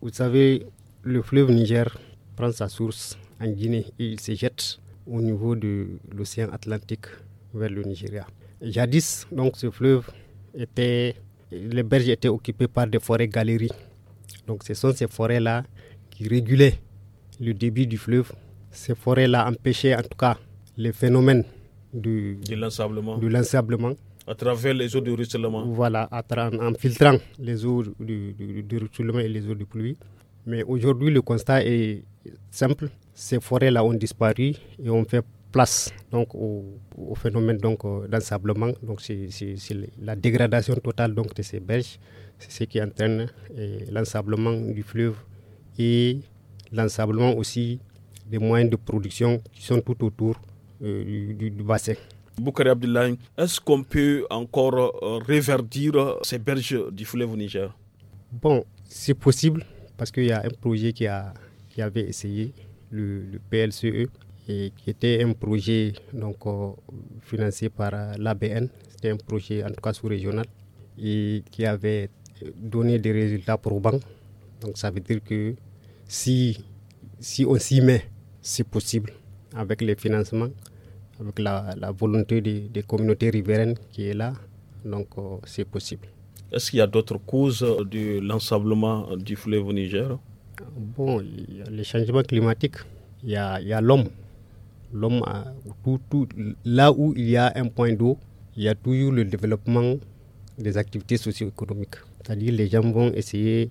Vous savez, le fleuve Niger prend sa source en Guinée et il se jette au niveau de l'océan Atlantique vers le Nigeria. Jadis, donc, ce fleuve était, les berges étaient occupées par des forêts galeries. Donc, ce sont ces forêts-là qui régulaient le débit du fleuve. Ces forêts-là empêchaient, en tout cas, les phénomènes du, de l'ensablement à travers les eaux de ruissellement. Voilà, en filtrant les eaux du, ruissellement et les eaux de pluie. Mais aujourd'hui, le constat est simple. Ces forêts-là ont disparu et on fait place donc au, phénomène donc euh, d'ensablement donc c'est la dégradation totale donc de ces berges c'est ce qui entraîne euh, l'ensablement du fleuve et l'ensablement aussi des moyens de production qui sont tout autour euh, du, bassin Boukari Abdullah, est-ce qu'on peut encore euh, reverdir euh, ces berges du fleuve Niger Bon, c'est possible parce qu'il y a un projet qui, a, qui avait essayé, le, PLCE, e, et qui était un projet donc, euh, financé par l'ABN. C'était un projet en tout cas sous-régional et qui avait donné des résultats probants. Donc ça veut dire que si, si on s'y met, c'est possible avec les financements avec la, volonté des, communautés riveraines qui est là, donc euh, c'est possible. Est-ce qu'il y a d'autres causes de l'ensablement du fleuve Niger Bon, il y a les changements climatiques, il y a, l'homme. L'homme, là où il y a un point d'eau, il y a toujours le développement des activités socio-économiques. C'est-à-dire les gens vont essayer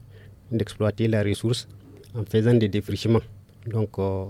d'exploiter la ressource en faisant des défrichements. Donc euh,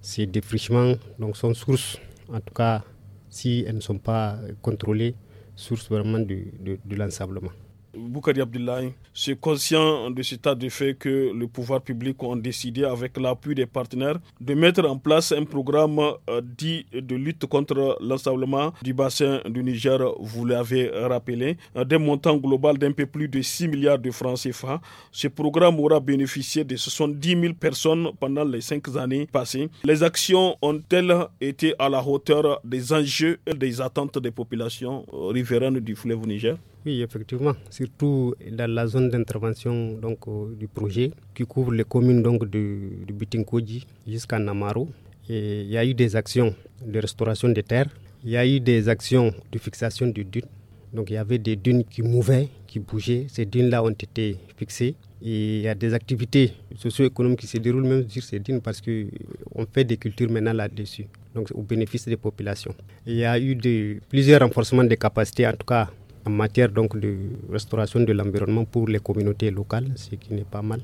ces défrichements donc, sont source en tout cas si elles ne sont pas contrôlées, source vraiment de, du l'ensablement. Boukari Abdullahi, c'est conscient de cet état de fait que le pouvoir public ont décidé, avec l'appui des partenaires, de mettre en place un programme euh, dit de lutte contre l'ensablement du bassin du Niger, vous l'avez rappelé, euh, d'un montant global d'un peu plus de 6 milliards de francs CFA. Ce programme aura bénéficié de 70 000 personnes pendant les cinq années passées. Les actions ont-elles été à la hauteur des enjeux et des attentes des populations euh, riveraines du fleuve Niger oui, effectivement, surtout dans la zone d'intervention donc euh, du projet qui couvre les communes donc du, Bitinkoji jusqu'à Namaro. Et il y a eu des actions de restauration des terres, il y a eu des actions de fixation du dunes. Donc il y avait des dunes qui mouvaient, qui bougeaient. Ces dunes-là ont été fixées. Et il y a des activités socio-économiques qui se déroulent même sur ces dunes parce qu'on euh, fait des cultures maintenant là-dessus, donc au bénéfice des populations. il y a eu plusieurs renforcements des capacités, en tout cas en matière donc de restauration de l'environnement pour les communautés locales, ce qui n'est pas mal.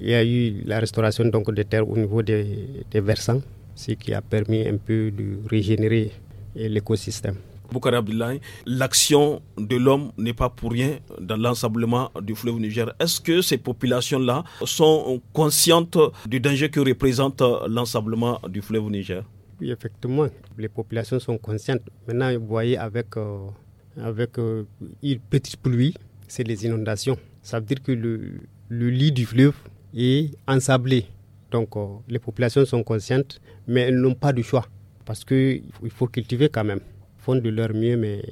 Il y a eu la restauration donc des terres au niveau des, versants, ce qui a permis un peu de régénérer l'écosystème. Boukara l'action de l'homme n'est pas pour rien dans l'ensemblement du fleuve Niger. Est-ce que ces populations-là sont conscientes du danger que représente l'ensemblement du fleuve Niger oui, effectivement, les populations sont conscientes. Maintenant, vous voyez avec euh, avec euh, une petite pluie, c'est les inondations. Ça veut dire que le, lit du fleuve est ensablé. Donc euh, les populations sont conscientes, mais elles n'ont pas de choix. Parce qu'il faut, faut cultiver quand même. Ils font de leur mieux, mais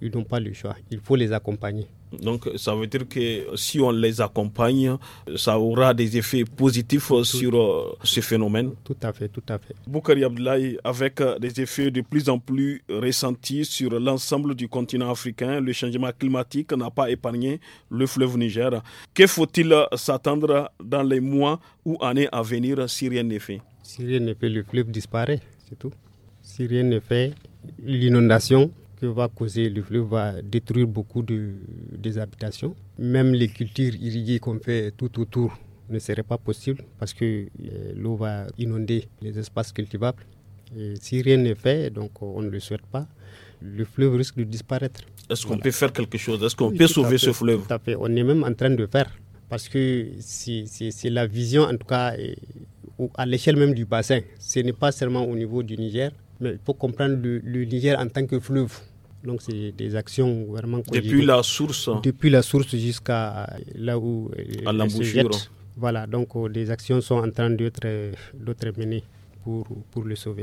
ils n'ont pas le choix. Il faut les accompagner. Donc ça veut dire que si on les accompagne, ça aura des effets positifs sur euh, ce phénomène. Tout à fait, tout à fait. Boukari Abdoulaye, avec euh, des effets de plus en plus ressentis sur l'ensemble du continent africain, le changement climatique n'a pas épargné le fleuve Niger. Que faut-il euh, s'attendre dans les mois ou années à venir si rien n'est fait Si rien n'est fait, le fleuve disparaît, c'est tout. Si rien n'est fait, l'inondation va causer le fleuve va détruire beaucoup de, des habitations. Même les cultures irriguées qu'on fait tout autour ne seraient pas possibles parce que euh, l'eau va inonder les espaces cultivables. si rien n'est fait, donc euh, on ne le souhaite pas, le fleuve risque de disparaître. Est-ce qu'on peut faire quelque chose Est-ce qu'on peut sauver ce fleuve Tout à fait. On est même en train de faire parce que c'est la vision, en tout cas, euh, à l'échelle même du bassin. Ce n'est pas seulement au niveau du Niger, mais il faut comprendre le Niger en tant que fleuve. Donc, c'est des actions vraiment. Depuis la source Depuis la source jusqu'à là où. À euh, l'embouchure. Voilà, donc des euh, actions sont en train d'être menées pour, pour le sauver.